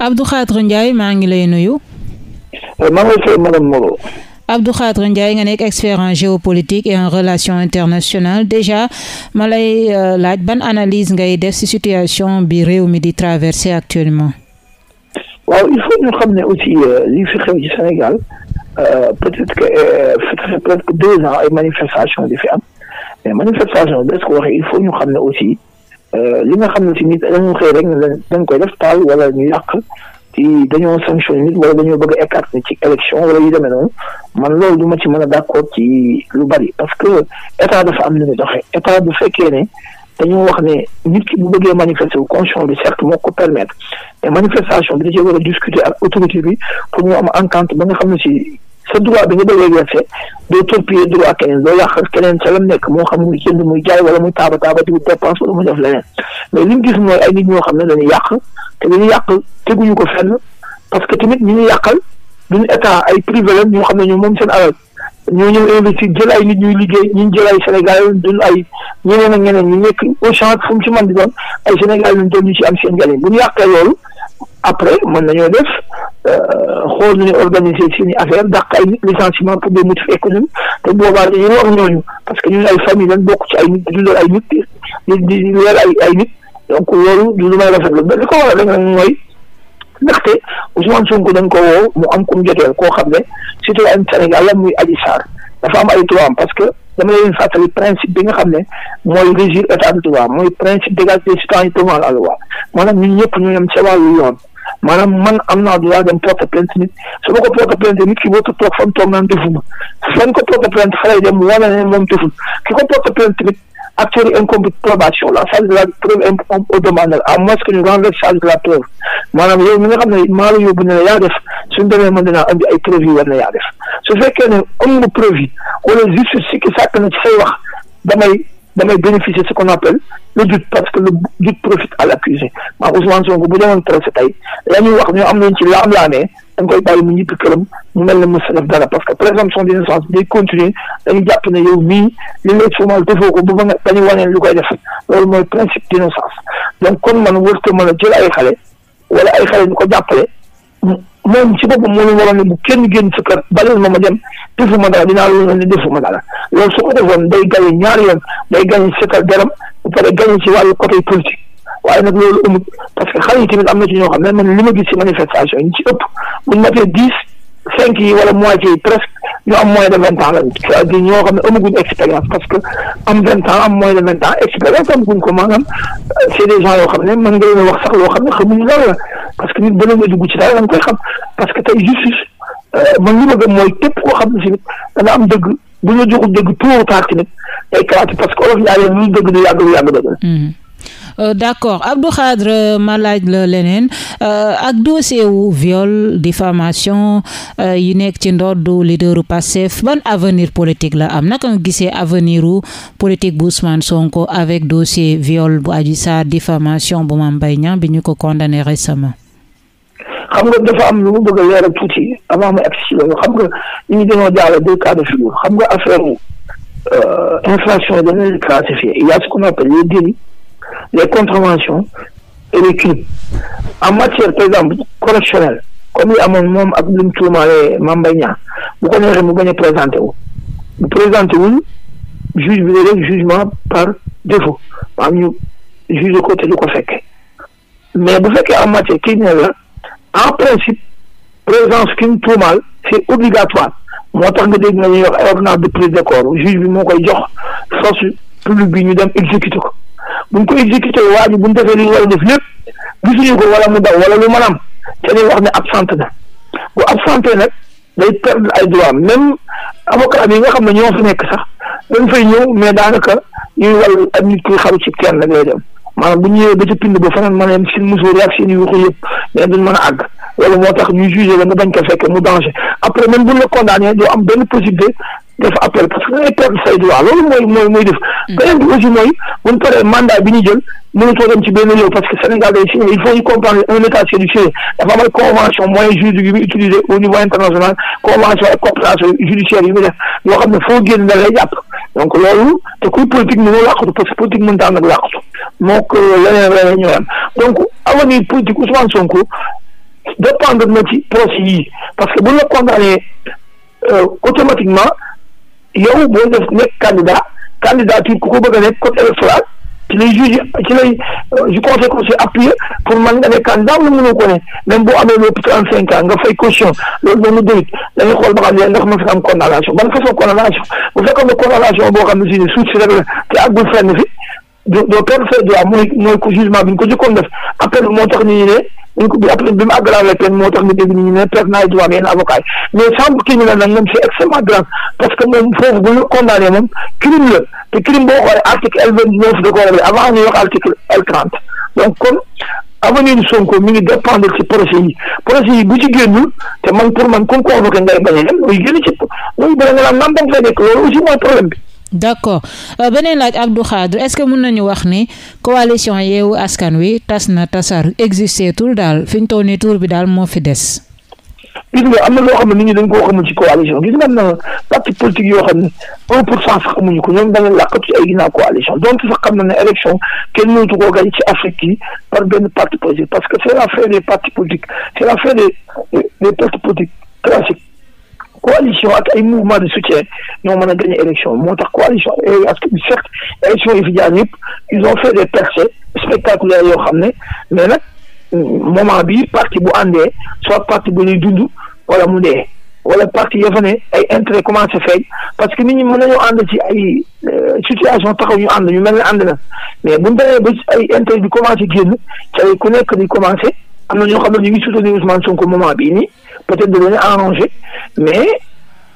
Abdou Khadre Ndiaye maa ngi lay nuyu. Euh, maa ngi lay fay nga nekk expert en géopolitique et en relations internationales déjà malay lay euh, laaj ban analyse ngay def ci situation bi réew mi di traversé actuellement. waaw il faut ñu xam ne aussi euh, li fi xew ci Sénégal peut-être que deux ans ay manifestations di fi manifestation bi est il faut ñu xam ne aussi. Euh, li nga xam ne si nit dañoo xëy rek ne dañ koy def taal wala ñu yàq ci dañoo sanctionné nit wala dañoo bëgg a écarté ci élection wala yu demee noonu man loolu duma ma ci mën a d'accord ci lu bari parce que état dafa am lu ñu doxee état bu fekkee ne dañoo wax ne nit ki bu bëggee manifester wu constitution bi certes moo ko permettre mais manifestation bi da cee war a discuter ak autorité bi pour ñu am entente ba nga xam ne si sa droit bi nga bëgg exercer doo torpiller droit keneen doo yàq keneen sa lam nekk moo xam muy jënd muy jaay wala muy taaba taaba di dépense wala mu def leneen mais li ñu gis mooy ay nit ñoo xam ne dañuy yàq te dañuy yàq teguñu ko fenn parce que tamit ñu ñu yàqal duñu état ay privé la ñoo xam ne ñoom moom seen alal ñoo ñëw investir jël ay nit ñuy liggéey ñu jël ay Sénégal duñu ay ñeneen ak ñeneen ñu nekk au champ fu mu ci man di doon ay Sénégal lañ doon ñu ci am seen njëriñ bu ñu yàqee loolu après mën nañoo def euh, xool nu ñu organiser seen i affaire dàq ay nit licenciement pour des motifs économiques te boobaa dañuy wax ñooñu parce que ñun ay famille lañ bokk ci ay nit di dundal ay nit di di di weer ay ay nit donc loolu du lu may rafetlu mais li ko waral rek nag mooy ndaxte Ousmane Sonko dañ ko woo mu am ku mu joteel koo xam ne citoyen Sénégal la muy Adji Sarr dafa am ay droit parce que. dama leen fàttali principe bi nga xam ne mooy régir état de droit mooy principe d'égalité des citoyens devant la loi maanaam ñun ñëpp ñu yem ca wàllu yoon maanaam man am naa droit dem porte plainte nit su ma ko porte plainte nit ki bootu toog fan toog naan defuma fan ko porte plainte fa lay dem wane ne moom deful ki ko porte plainte tamit acteur yi incombe probation la charge de la preuve incombe au demandeur à moins que ñu la preuve maanaam yow mi nga xam ne maa la yóbbu ne la yaa def suñu ay preuve yi war su fekkee ne am nga preuve yi wala juste sikki sàkk na ci say wax damay damay bénéficier ce qu'on appelle le doute parce que le doute profite à l'accusé maa Ousmane Sonko bu demoon procès tey la ñuy wax ñu am nañ ci laam-laamee dañ koy bàyyi mu ñibbi këram mu mel ne mës a def dara parce que présomption d'innocence day continuer dañu jàpp li ngay tuumal defoo ko bu ba nga dañu waneen lu koy def loolu mooy principe d'innocence donc kon man wërta mën a jël ay xale wala ay xale ñu moom ci boppam moo ñu waroon ne bu kenn génn sa kër balal ma ma dem defuma dara dinaa loolu ne defuma dara loolu su ko defoon day gañe ñaari yoon day gañe setal deram bu pare gañe ci wàllu côté politique waaye nag loolu amut parce que xale yi am na ci ñoo xam ne man li ma gis ci manifestation yi ci ëpp buñ matee dix cinq yi wala moitié yi presque ñu am moins de vingt ans lañ cest à ñoo xam ne amaguñ expérience parce que am vingt ans am moins de vingt expérience amaguñ ko maanaam euh, c'est des gens yoo xam ne mën wax sax loo xam ne xamuñu lan parce que nit ba nga dugg ci dara da nga koy xam parce que tey justice euh, man li ma gëm mooy képp koo xam ne si nit dana am dëgg bu ñu la joxul dëgg tôt ou tard ci nit day kalaati parce que olof ñaareel lu dëgg du yàgg lu yàgg dëgg la. Mhm. Euh, d'accord Abdou Khadre ma laaj la leneen euh, ak dossier wu viol diffamation euh, yi nekk ci ndoddu leaderu Pastef ban avenir politique la am naka nga gisee avenir u politique bu Ousmane Sonko avec dossier viol bu Adji Sarr diffamation bu Mame Mbaye Niang bi ñu ko condamné récemment xam nga dafa am lu mu bëgg a leeral tuuti avant ma agsi ci loolu xam nga ñu dañoo jaale deux cas de figure xam nga affaire u euh, infraction dañ leen classifié il y a ce qu'on appelle les délits les contraventions et les crimes en matière par exemple correctionnelle comme li amoon moom ak lu mu tuumaale Mame Mbaye Niang bu ko neexee mu bañ a présenté wu bu présenté wul juge bi léeg-léeg jugement par défaut maanaam ñu juge ko te du ko fekk mais bu fekkee en matière criminelle la en principe présence ki ñu tuumaal c'est obligatoire moo tax nga dégg nga ñuy wax ordonnance de prise de corps bi moo koy jox force publique bi ñu dem exécuter ko buñ ko exécuter waa ji buñ defee li ñu war a def lépp gisuñu ko wala mu daw wala lu mën a am te dañ wax ne absente na bu absenté nag day perdre ay droit même avocat bi nga xam ne ñoo fa nekk sax dañ fay ñëw mais daanaka ñuy wàllu ak nit ki xaru ci kenn la ngay dem maanaam bu ñëwee ba ca pind ba fanaan maanaam seen musóor ak seen yuuxu yëpp mais duñ mën a àgg loolu moo tax ñu jugé la nga bañ ko fekk mu danger après même buñ la condamné doo am benn possibilité def appel parce que da ngay perdre say droit loolu mooy mooy mooy def. Mm. beneen bi aussi mooy buñ paree mandat bi ñu jël mënatoo dem ci benn réew parce que Sénégal day signé il faut ñu comprendre un état c'est du sérieux dafa am ay convention moyen juridique yu muy utilisé au niveau international convention ak coopération judiciaire yi muy def yoo xam ne foo génn da lay jàpp donc loolu te kuy politique mënoo làqatu parce que politique mënut a ni avenir politique Ousmane Sonko dépendre na ci procès yi parce que bu la condamné euh, automatiquement yow boo def nekk candidat candidature ku ko bëgg a nekk code électoral ci lay juge ci lay ju euh, conseil conseil appuyé pour man nga ne candidat wala mënoo ko ne même boo amee lépp trente cinq ans nga fay caution loolu noonu délit dañuy xool ba xam ne ndax mën nga am condamnation ban façon condamnation bu fekkoon ne condamnation boo xam ne si ne suuf si rek la te àggul fenn fi doo perdre sa droit mooy mooy ko jugement bi ñu ko jëkkoon def appel bi moo tax ñu ne ñu ko bi après bi mu aggravé peine moo tax ñu dégg ñu ne perte naa droit yenn avocat yi mais chambre criminelle moom c'est extrêmement grave parce que moom foofu bu ñu condamné moom crime la te crime boo xoolee article vingt neuf da ko réglé avant ñuy wax article L trente donc kon avenir Sonko mi ngi yi projet yi bu ci génnul te man pour man comme convoqué ngay bañ a dem mooy génn ci mooy bëri nga naan naan da nga fay nekk loolu d' accord euh, beneen laaj Abdou Khadre est ce que mën nañu wax ni coalition yeewu askan wi tas na tasar existé tul daal fi ñu toll nii tur bi daal moo fi des. gis nga am na loo xam ne nit dañ koo xamul ci coalition gis nga am na parti politique yoo xam ne un pour cent sax ko ñoom dana làqatu ci ay ginnaaw coalition donc sax xam na ne élection kenn mënatu koo gañ ci Afrique yi par benn parti politique parce que c' est l'affaire des partis politiques c' coalition ak ay mouvement de soutien ñoo man a gagner élection moo tax coalition parce que certes élection yi fi yëpp ils ont fait des percées spectaculaires yoo xam ne mais nag moment bi parti bu àndee soit parti bu ñuy dund wala mu dee wala parti ya fa ne ay intérêt commencé feeñ parce que nit ñi mën nañoo ànd ci ay euh, situation taxaw ñu ànd ñu mel ne ànd na mais bu ñu demee ay intérêt bi commencé génn ca ku nekk di commencé am na ñoo xam ne ñu ngi soutenir Ousmane Sonko moment bi nii peut-être dinañu arrangé mais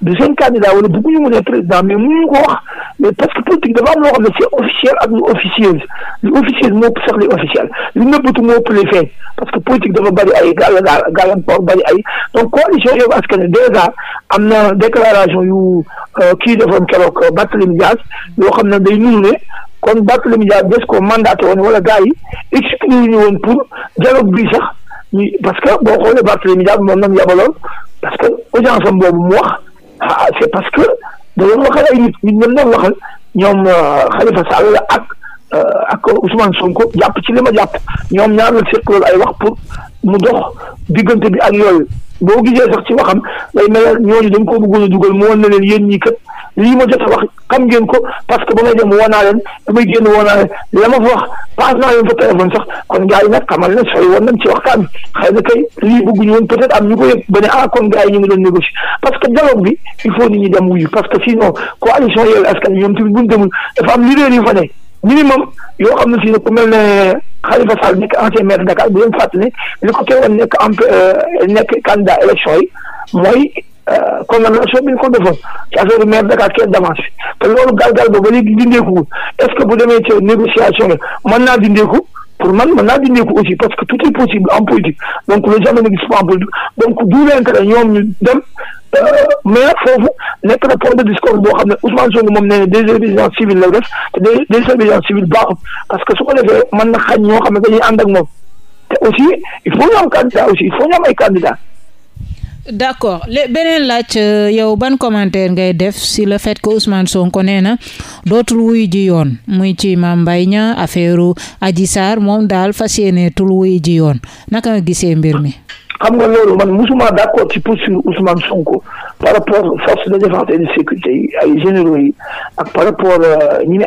du seen candidat wala bëgguñu mu ne président mais mënuñu ko wax mais parce que politique dafa am loo xam ne c'est officiel ak lu officieuse lu officieuse moo ëpp li officiel lu nëbbatu moo ëpp li feeñ parce que politique dafa bëri ay gàll gàllankoor bëri ay donc coalition Yewwi Askan Wi déjà am na déclaration yu euh, kii defoon keroog euh, Barthélémy Dias yoo xam ne day nuru ne kon Barthélémy Dias des ko mandaté woon wala gars yi exclu ñu woon pour dialogue bi sax ñuy parce que boo xoolee Barthélemy Dias moom nañ yabaloon parce que audience am boobu mu wax ah, ah c'est parce que da doon waxal ay nit ñi doon waxal ñoom euh, Khalifa Sall la ak euh, ak Ousmane Sonko jàpp ci li ma jàpp ñoom ñaar la seq loolu ay wax pour mu dox diggante bi ak yooyu boo gisee sax ci waxam day mel ñooñu dañ ko bëggoon a dugal mu woon na leen yéen ñi kat. lii ma jot a wax xam ngeen ko parce que ba may dem woo naa leen ba may génn woo naa leen la ma fa wax paas naa leen fa téléphone sax kon gars yi nag xamal ne sooy woon nañ ci waxtaan xëy kay lii bëgguñu woon peut être am ñu ko yëg ba ne ah kon gars yi ñu ngi doon négocier parce que dialogue bi il faut nit ñi dem wuyu parce que sinon coalition Yewwi Askan Wi ñoom tamit buñ demul dafa am leader yu fa ne minimum yoo xam ne si ne ku mel ne Khalifa Sall nekk ancien maire Dakar bu leen fàttali ne li ko teewoon nekk am euh, nekk candidat Euh, condamnation bi ñu ko defoon ci affaire maire Dakar kees d'avance bi te loolu galgal ba ba léegi dindeekuwul est bu demee ci négociation la naa dindeeku pour man mën naa dindeeku aussi parce que tout est possible en politique donc le jamais n'existe pas en politique donc d'où l'intérêt ñoom ñu euh, foofu nekk na point de discours boo xam ne Ousmane Sonko moom nee na désobéissance civile la def te désobéissance civile baaxul parce que su ko defee na xañ ñoo xam ne dañuy ànd ak moom te aussi il faut ñu am candidat aussi il faut ñu am d' accord lé beneen laaj euh, yow ban commentaire ngay def si la fait que Ousmane Sonko nee na dootul wuy ji yoon muy ci Mame mbay ñaa affaire Adji Sarr moom daal fas yéeneetul wuy ji yoon naka nga gisee mbir mi. xam nga loolu man musuma d' accord ci posture Ousmane Sonko par rapport force de défense et sécurité yi ay généraux yi par rapport euh, ñi muy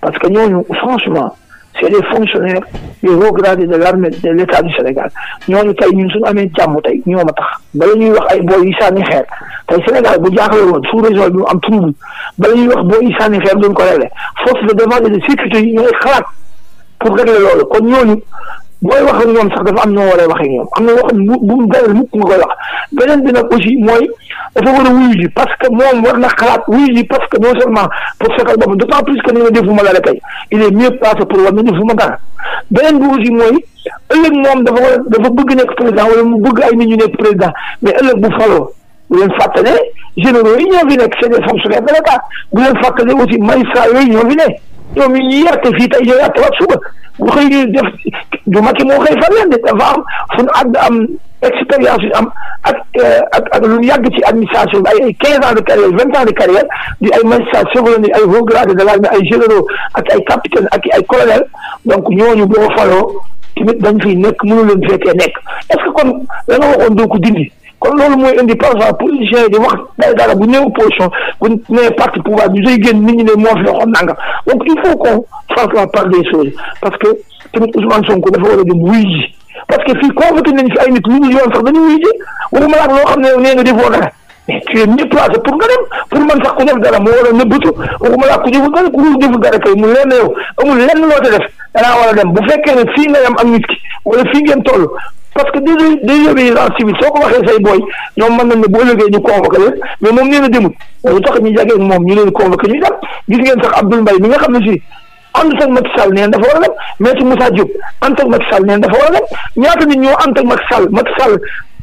parce que ñooñu franchement. c'est des fonctionnaires des hauts gradés de l'armée de l'état du Sénégal ñooñu tey ñun suñu amee jàmm tey ñoo ma tax bala ñuy wax ay booy yi sànni xeer tey Sénégal bu jaaxle woon sous région bi mu am trouble bala ñuy wax booy yi sànni xeer duñ ko réglé force de défense et de sécurité yi ñooy xalaat pour régler loolu kon ñooñu booy wax ak ñoom sax dafa am ñoo war a waxee ñoom am na wax bu bu mu dalal mukk nga koy wax beneen bi nag aussi mooy dafa war a wuyu ji parce que moom war na xalaat wuyu ji parce que non seulement pour fekkal boppam d'autant plus que ni nga defuma dara kay il est mieux placé pour war na defuma dara beneen bi aussi mooy ëllëg moom dafa war a dafa bëgg nekk président wala mu bëgg ay nit ñu nekk président mais ëllëg bu faloo bu leen fàtte ne généraux yi ñoo fi nekk c'est des fonctionnaires de l'État bu leen fàtte ne aussi magistrats yooyu ñoo fi ne ñoom ñu yàtte fii tey ñoo yàttewaat suba bu xëy def du Macky moo koy fal de dafa am fu am expérience am ak eh, ak ak lu yàgg ci administration bi ay ay quinze ans de carrière vingt ans de carrière di ay magistrat second ay haut grade de l'armée ay généraux ak ay capitaine ak ay colonel donc ñooñu boo faloo tamit dañ fiy nekk mënu leen fekkee nekk est-ce que kon la nga waxoon doo ko dindi kon loolu mooy indi parfois politiciens yi di wax day dara bu néew opposition bu nee parti pouvoir bi day génn nit ñi ne moo fi waxoon nangam donc il faut qu'on fasse la part des choses parce que tamit Ousmane Sonko dafa war a dem wuy ji parce que fii convoqué nañ ay nit lu ñu sax dañuy wuy ji waxuma laa loo xam ne yow nee nga dara mais tu es mieux placé pour nga dem man sax ku def dara mu war a nëbbatu waxuma ku deful dara ku deful dara kay mu leen na yow amul lenn loo te def dem bu fekkee ne fii nga yem ak nit ki wala fii tol toll parce que des désobéissance civile soo ko waxee say booy ñoom mën nañ ne bu ëllëgee ñu convoqué leen mais moom nee na demut ñu jagee moom ñu leen convoqué ñu dem gis ngeen sax mi nga xam ne si ànd ak Macky Sall neen dafa war a dem maître Moussa Diop ànd ak Macky Sall neen dafa war a dem ñaata nit ñoo ànd ak Macky Sall Macky Sall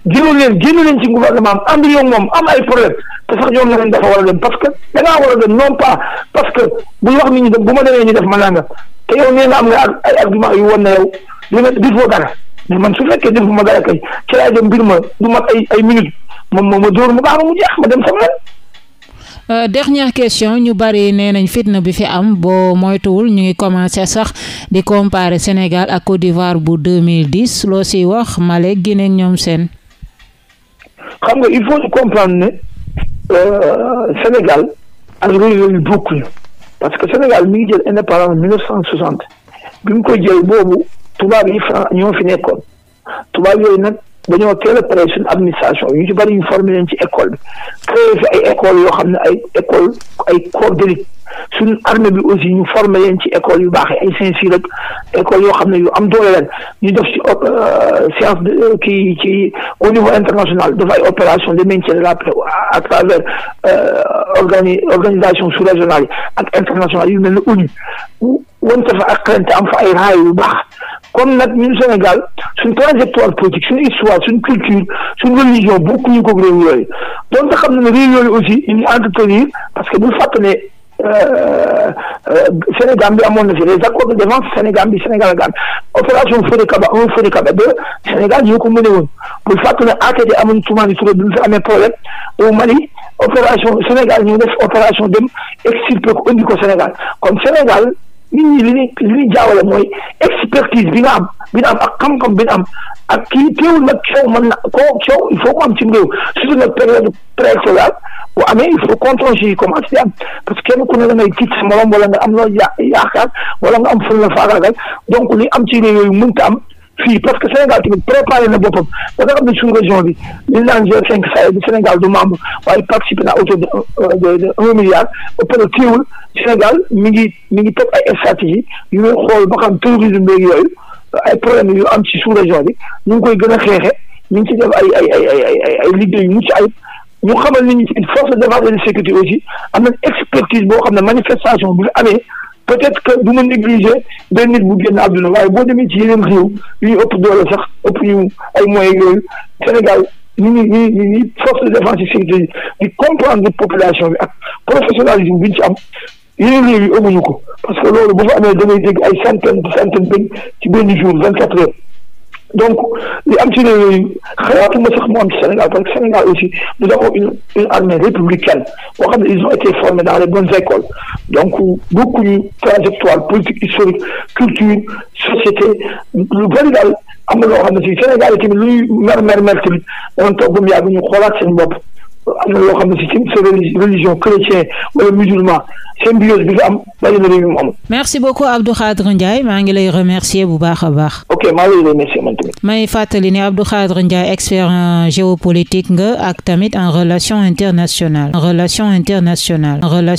jëloon leen génn leen ci gouvernement am ànd yoo moom am ay ne leen dafa war a dem parce que da ngaa war que buñ wax nit ñi de bu ma ñu def ma nangam te yow nee nga am nga ay argument yu na yow li nga dara mais man su fekkee defuma kay ci laay dem mbir ma du ay ay minutes moom moom ma dóor mu baax mu jeex ma dem sama Euh, dernière question ñu bari nee nañ fitna bi fi am boo moytuwul ñu ngi commencé sax di comparer Sénégal ak Côte d'Ivoire bu 2010 loo siy wax Malick Guinée ñoom seen. xam nga il faut ñu comprendre ne euh, Sénégal ak réew yooyu bokkuñu parce que Sénégal mi ngi jël indépendance mille neuf cent soixante bi mu koy jël boobu tubaab yi Fran ñoo fi nekkoon tubaab yooyu nag dañoo teel a pare suñu administration ñu ci bari ñu formé leen ci école bi créé fi ay école yoo xam ne ay école ay corps d'élite suñu armée bi aussi ñu formé leen ci école yu baax ay Saint-Cyr ak école yoo xam ne yu am doole leen ñu def ci euh, science de euh, kii ci au niveau international def ay opération de maintien de la paix à travers euh, organi organisation sous régionale ak internationale yu mel ne ONU wante fa ak xelante am fa ay raay yu baax comme nag ñun Sénégal suñ trajectoire politique suñ histoire suñ culture suñ religion bokkuñu ko réew yooyu donc xam na ne réew yooyu aussi ñu entretenir parce que bu fàtte ne euh, euh, Sénégal bi amoon na fi les accords de défense Sénégal bi Sénégal ak opération Fodé Kaba un Fodé Kaba deux Sénégal ñoo ko mëne woon bu fàtte ne AKT amoon Toumani Touré bi mu fi amee problème au Mali opération Sénégal ñu def opération dem extirper ko indi ko Sénégal comme Sénégal. nit ñi li ñuy li ñuy jaawale mooy expertise bi nga am bi am ak xam-xam bi am ak kii teewul na coow mën na koo coow il ko am ci réew surtout nag période préélectorale bu amee il faut contrôle yi commencé di am parce que kenn ku ne da ngay tiit sa morom wala am loo ya yaakaar wala nga am ful la faagaagal donc li am ci réew yooyu mënta am. fii parce que Sénégal tamit préparé na boppam ba nga xam ne suñu région bi li naan G5 Sahel bi Sénégal du membre waaye participé na autour euh, de de un milliard ba pare teewul Sénégal mi ngi mi ngi topp ay stratégie yu ñuy xool ba xam terrorisme beeg yooyu ay problème yu am ci sous région bi ñu ngi koy gën a xeexe ñu ngi ci def ay ay ay ay ay ay liggéey yu mucc ayib ñu xamal ni force de défense et de sécurité aussi am nañ expertise boo xam ne manifestation bu amee. peut-être que du ma négliger benn nit bu génn àdduna waaye boo demee ci yeneen réew yu ñu ëpp doole sax ëpp ñu ay moyens yooyu Sénégal ñu ngi ñu ngi ñu force de défense et sécurité yi di comprendre population bi ak professionnalisme bi ñu ci am yeneen réew yi amuñu ko parce que loolu bu fa amee da ngay dégg ay centaine de centaine benn ci benn jour donc li am ci réew yooyu xalaatuma sax mu am ci Sénégal parce que Sénégal aussi nous avons une une armée républicaine boo xam ne ils ont été formés dans les bonnes écoles donc beaucoup ñu trajectoire politique historique culture société lu bari daal am na loo xam ne si Sénégal yi tamit lu ñuy mer mer mer tamit danañ toog ba mu yàgg ñu xoolaat seen bopp. am na loo xam ne si ci sa musulman symbiose bi nga merci beaucoup Abdou Khadre Ndiaye maa ngi lay remercier bu baax a baax. maa ngi lay remercier man may fàttali ne Abdou Khadre Ndiaye expert nga ak tamit en relation internationale. en relation internationale.